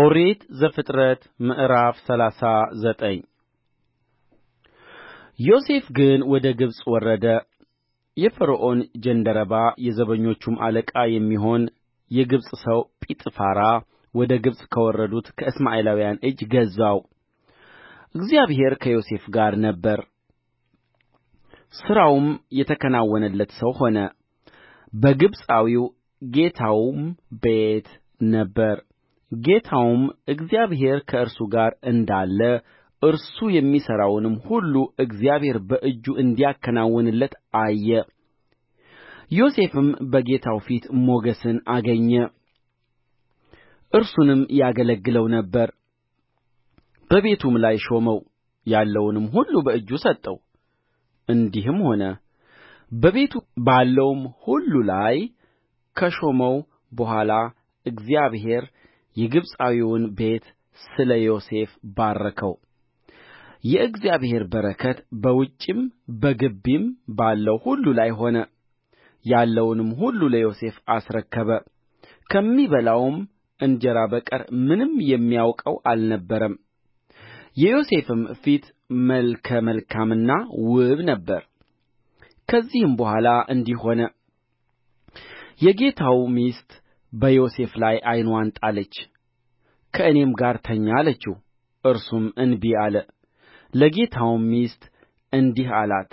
ኦሪት ዘፍጥረት ምዕራፍ ሰላሳ ዘጠኝ ዮሴፍ ግን ወደ ግብፅ ወረደ የፈርዖን ጃንደረባ የዘበኞቹም አለቃ የሚሆን የግብፅ ሰው ጲጥፋራ ወደ ግብፅ ከወረዱት ከእስማኤላውያን እጅ ገዛው እግዚአብሔር ከዮሴፍ ጋር ነበረ ሥራውም የተከናወነለት ሰው ሆነ በግብፃዊው ጌታውም ቤት ነበረ ጌታውም እግዚአብሔር ከእርሱ ጋር እንዳለ እርሱ የሚሠራውንም ሁሉ እግዚአብሔር በእጁ እንዲያከናውንለት አየ ዮሴፍም በጌታው ፊት ሞገስን አገኘ እርሱንም ያገለግለው ነበር በቤቱም ላይ ሾመው ያለውንም ሁሉ በእጁ ሰጠው እንዲህም ሆነ በቤቱ ባለውም ሁሉ ላይ ከሾመው በኋላ እግዚአብሔር የግብፃዊውን ቤት ስለ ዮሴፍ ባረከው የእግዚአብሔር በረከት በውጭም በግቢም ባለው ሁሉ ላይ ሆነ ያለውንም ሁሉ ለዮሴፍ አስረከበ ከሚበላውም እንጀራ በቀር ምንም የሚያውቀው አልነበረም የዮሴፍም ፊት መልከ መልካምና ውብ ነበረ ከዚህም በኋላ እንዲህ ሆነ የጌታው ሚስት በዮሴፍ ላይ ዓይንዋን ጣለች ከእኔም ጋር ተኛ አለችው እርሱም እንቢ አለ ለጌታውም ሚስት እንዲህ አላት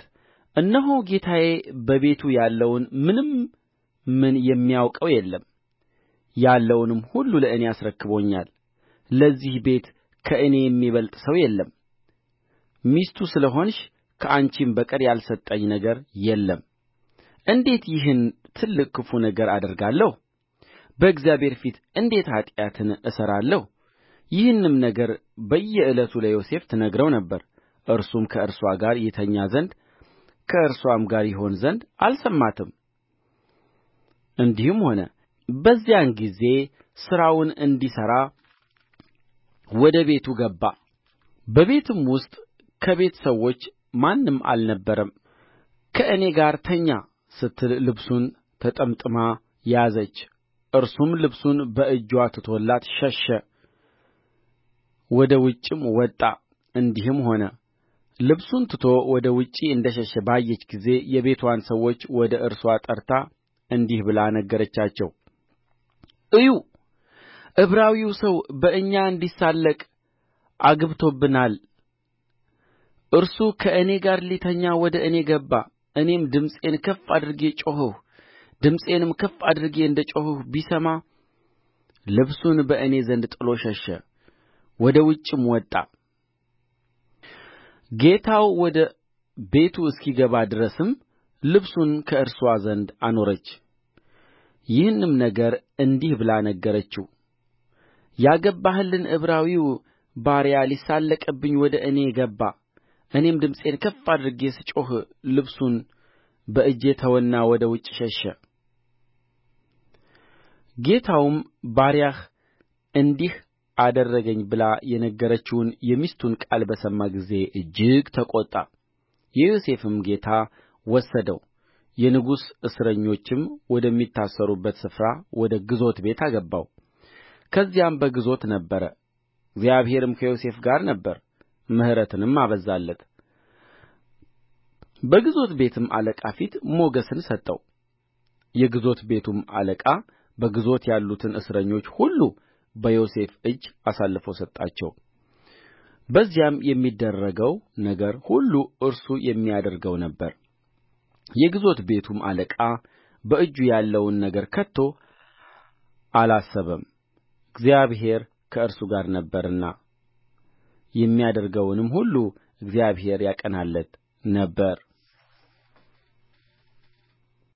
እነሆ ጌታዬ በቤቱ ያለውን ምንም ምን የሚያውቀው የለም ያለውንም ሁሉ ለእኔ አስረክቦኛል ለዚህ ቤት ከእኔ የሚበልጥ ሰው የለም ሚስቱ ስለ ሆንሽ ከአንቺም በቀር ያልሰጠኝ ነገር የለም እንዴት ይህን ትልቅ ክፉ ነገር አደርጋለሁ በእግዚአብሔር ፊት እንዴት ኃጢአትን እሠራለሁ ይህንም ነገር በየዕለቱ ለዮሴፍ ትነግረው ነበር እርሱም ከእርስዋ ጋር ይተኛ ዘንድ ከእርስዋም ጋር ይሆን ዘንድ አልሰማትም እንዲህም ሆነ በዚያን ጊዜ ሥራውን እንዲሠራ ወደ ቤቱ ገባ በቤትም ውስጥ ከቤት ሰዎች ማንም አልነበረም ከእኔ ጋር ተኛ ስትል ልብሱን ተጠምጥማ ያዘች እርሱም ልብሱን በእጅዋ ትቶላት ሸሸ ወደ ውጭም ወጣ እንዲህም ሆነ ልብሱን ትቶ ወደ ውጭ እንደ ሸሸ ባየች ጊዜ የቤትዋን ሰዎች ወደ እርስዋ ጠርታ እንዲህ ብላ ነገረቻቸው እዩ ዕብራዊው ሰው በእኛ እንዲሳለቅ አግብቶብናል እርሱ ከእኔ ጋር ሊተኛ ወደ እኔ ገባ እኔም ድምፄን ከፍ አድርጌ ጮኽሁ ድምፄንም ከፍ አድርጌ እንደ ጮኽሁ ቢሰማ ልብሱን በእኔ ዘንድ ጥሎ ሸሸ ወደ ውጭም ወጣ ጌታው ወደ ቤቱ እስኪገባ ድረስም ልብሱን ከእርስዋ ዘንድ አኖረች ይህንም ነገር እንዲህ ብላ ነገረችው ያገባህልን ዕብራዊው ባሪያ ሊሳለቅብኝ ወደ እኔ ገባ እኔም ድምፄን ከፍ አድርጌ ስጮኽ ልብሱን በእጄ ተወና ወደ ውጭ ሸሸ ጌታውም ባሪያህ እንዲህ አደረገኝ ብላ የነገረችውን የሚስቱን ቃል በሰማ ጊዜ እጅግ ተቈጣ የዮሴፍም ጌታ ወሰደው የንጉሥ እስረኞችም ወደሚታሰሩበት ስፍራ ወደ ግዞት ቤት አገባው ከዚያም በግዞት ነበረ እግዚአብሔርም ከዮሴፍ ጋር ነበረ ምሕረትንም አበዛለት በግዞት ቤትም አለቃ ፊት ሞገስን ሰጠው የግዞት ቤቱም አለቃ በግዞት ያሉትን እስረኞች ሁሉ በዮሴፍ እጅ አሳልፎ ሰጣቸው በዚያም የሚደረገው ነገር ሁሉ እርሱ የሚያደርገው ነበረ የግዞት ቤቱም አለቃ በእጁ ያለውን ነገር ከቶ አላሰበም እግዚአብሔር ከእርሱ ጋር ነበርና የሚያደርገውንም ሁሉ እግዚአብሔር ያቀናለት ነበር